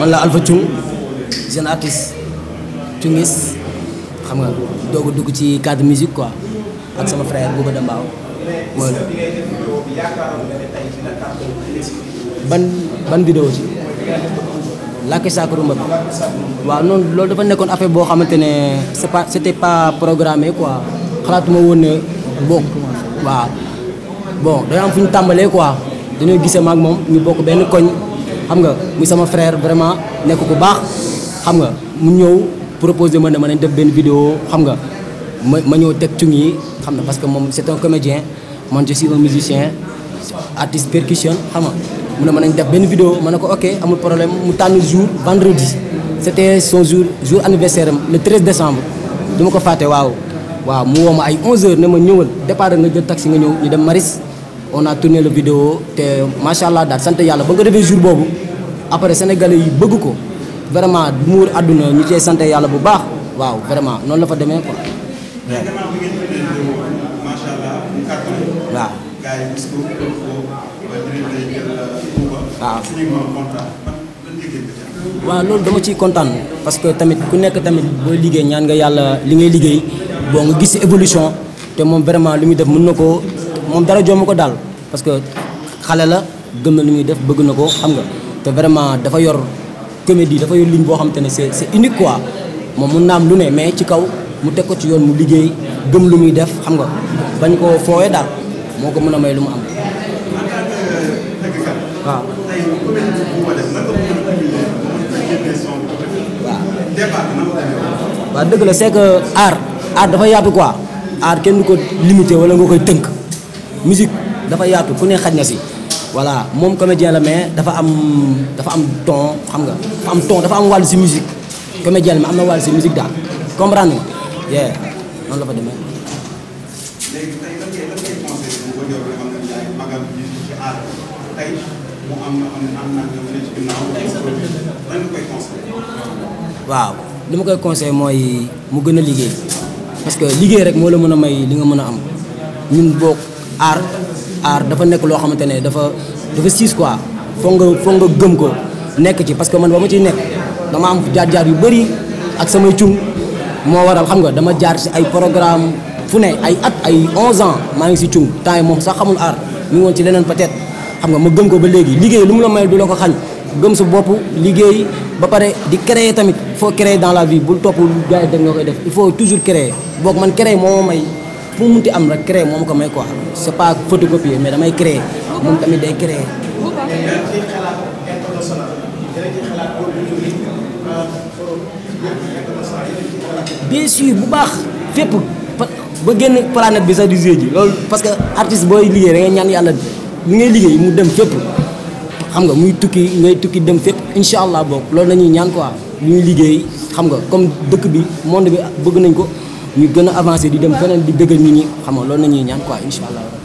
man la Alpha Thioung jeune artiste Thioungis xam nga doog dugg ci cadre musique quoi ak sama frère Bouba Dambaaw mooy ban ban vidéo ci Làkki Sakurumba bi waaw noonu loolu dafa nekkoon affaire boo xamante ne c'est pas c'était pas programmé quoi xalaatuma woon ne bokk waaw bon dañoo am fu ñu tàmbalee quoi dañoo gisee maak moom ñu bokk benn koñ xam nga mu sama frère vraiment nekk ku baax xam nga mu ñëw proposé ma ne ma nañ def benn video xam nga ma ma ñëw teg cung yi xam na parce que moom c'est un comédien man je si un musicien artiste percussion xam nga mu ne ma nañ def benn vidéo ma ne ko ok amul problème mu tànn jour vendredi c'était son jour jour anniversaire am le 13 décembre du ma ko fàtte waaw waaw mu woo ma ay 11 heures ne ma ñëwal départ nga jël taxi nga ñëw ñu dem Maris on a tourné la vidéo te macha allah daal sant yàlla ba nga defee jour boobu après sénégalais yi bëgg ko vraiment muur àdduna ñu cee sant yàlla bu baax waaw vraiment noonu la fa demee quoi. waaw. loolu dama ciy kontaan parce que tamit ku nekk tamit boo liggéey ñaan nga yàlla li ngay liggéey boo nga gis évolution te moom vraiment lu muy def mën na ko moom dara jomb ko daal parce que xale la gëm na lu muy def bëgg na ko xam nga te vraiment dafa yor comédie dafa yor ligne boo xam ne c'est c'est unique quoi moom mun naa am lu ne mais ci kaw mu teg ko ci yoon mu liggéey gëm lu muy def xam nga bañ ko foowee daal moo ko mën a may lu mu am waaw. waa dëgg la c'est que art dafa yaatu quoi art kenn du ko limité wala ngoo koy tënk. musique dafa yaatu ku ne xaj na si voilà moom comédien la mais dafa am dafa am ton xam nga dafa am ton dafa am wàllu si musique comédien la mais am na wàllu si daal comprendre nga yeah noonu koy conseillé. waaw li ma koy conseillé mooy mu gën a liggéey parce que liggéey rek moo la mën a may li nga mën a am ñun bokk. aar aar dafa nekk loo xamante ne dafa dafa siis quoi foog nga foog nga gëm ko nekk ci parce que man ba ma ciy nekk dama am jaar-jaar yu bëri ak samay cung moo waral xam nga dama jaar si ay programme fu ne ay at ay 11 ans maa ngi si cung temps yi moom sax xamul art mi ngi woon ci leneen peut-être xam nga ma gëm ko ba léegi liggéey lu mu la may du la ko xañ gëm sa bopp liggéey ba pare di créer tamit foo faut dans la vie bul topp gars yi da nga koy def il faut toujours créer boog man créer moo may fu mu munti am rek créer moom ko may quoi c'est pas photocopier mais damay créer moom tamit day créer. bien sûr bu baax fépp ba génn planète bi sax di ji loolu parce que artiste booy liggéey da ngay ñaan yàlla li ngay liggéey mu dem fépp xam nga muy tukki ngay tukki dem fépp incha allah boog loolu nañuy ñuy ñaan quoi lu ñuy liggéey xam nga comme dëkk bi monde bi bëgg nañ ko ñu gën a avancé di dem feneen di bëgg nit ñi xam nga loolu la ñuy ñaan ko incha allah.